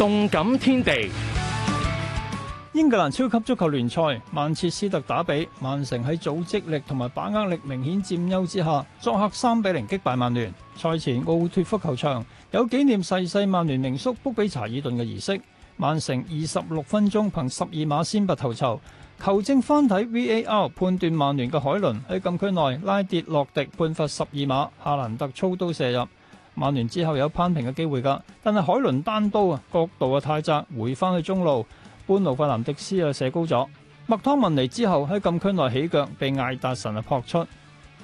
動感天地，英格蘭超級足球聯賽，曼徹斯特打吡，曼城喺組織力同埋把握力明顯佔優之下，作客三比零擊敗曼聯。賽前奧脫福球場有紀念逝世，世曼聯名宿卜比查爾頓嘅儀式。曼城二十六分鐘憑十二碼先拔頭籌，球證翻睇 VAR 判斷曼聯嘅海倫喺禁區內拉跌洛迪，判罰十二碼，夏蘭特操刀射入。曼聯之後有攀平嘅機會㗎，但係海倫單刀啊，角度啊太窄，回翻去中路，半路費南迪斯啊射高咗。麥湯文尼之後喺禁區內起腳，被艾達臣啊撲出。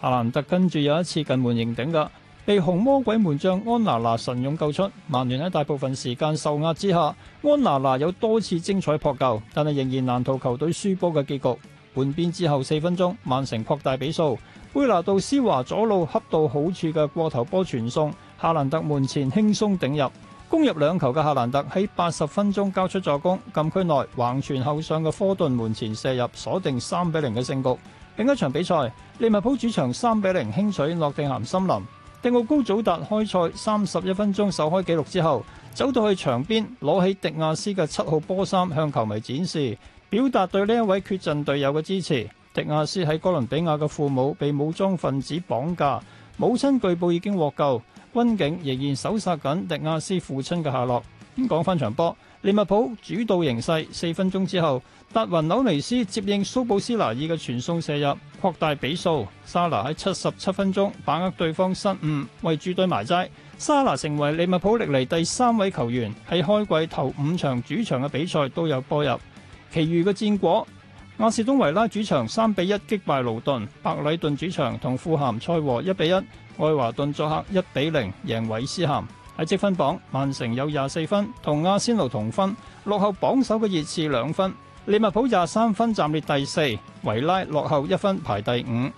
阿蘭特跟住有一次近門迎頂㗎，被紅魔鬼門將安拿拿神勇救出。曼聯喺大部分時間受壓之下，安拿拿有多次精彩撲救，但係仍然難逃球隊輸波嘅結局。換邊之後四分鐘，曼城擴大比數。貝拿度斯華左路恰到好處嘅過頭波傳送，夏蘭特門前輕鬆頂入，攻入兩球嘅夏蘭特喺八十分鐘交出助攻，禁區內橫傳後上嘅科頓門前射入，鎖定三比零嘅勝局。另一場比賽，利物浦主場三比零輕取諾定咸森林，迪奧高祖達開賽三十一分鐘首開紀錄之後，走到去場邊攞起迪亞斯嘅七號波衫向球迷展示，表達對呢一位缺陣隊友嘅支持。迪亞斯喺哥倫比亞嘅父母被武裝分子綁架，母親據報已經獲救，軍警仍然搜索緊迪亞斯父親嘅下落。咁講翻場波，利物浦主導形勢，四分鐘之後，達雲紐尼斯接應蘇布斯拿爾嘅傳送射入，擴大比數。沙拿喺七十七分鐘把握對方失誤，為主隊埋齋。沙拿成為利物浦歷嚟第三位球員，喺開季頭五場主場嘅比賽都有波入，其餘嘅戰果。阿士東維拉主場三比一擊敗盧頓，白禮頓主場同富咸賽和一比一，愛華頓作客一比零贏韋斯咸。喺積分榜，曼城有廿四分，同阿仙奴同分，落後榜首嘅熱刺兩分；利物浦廿三分暫列第四，維拉落後一分排第五。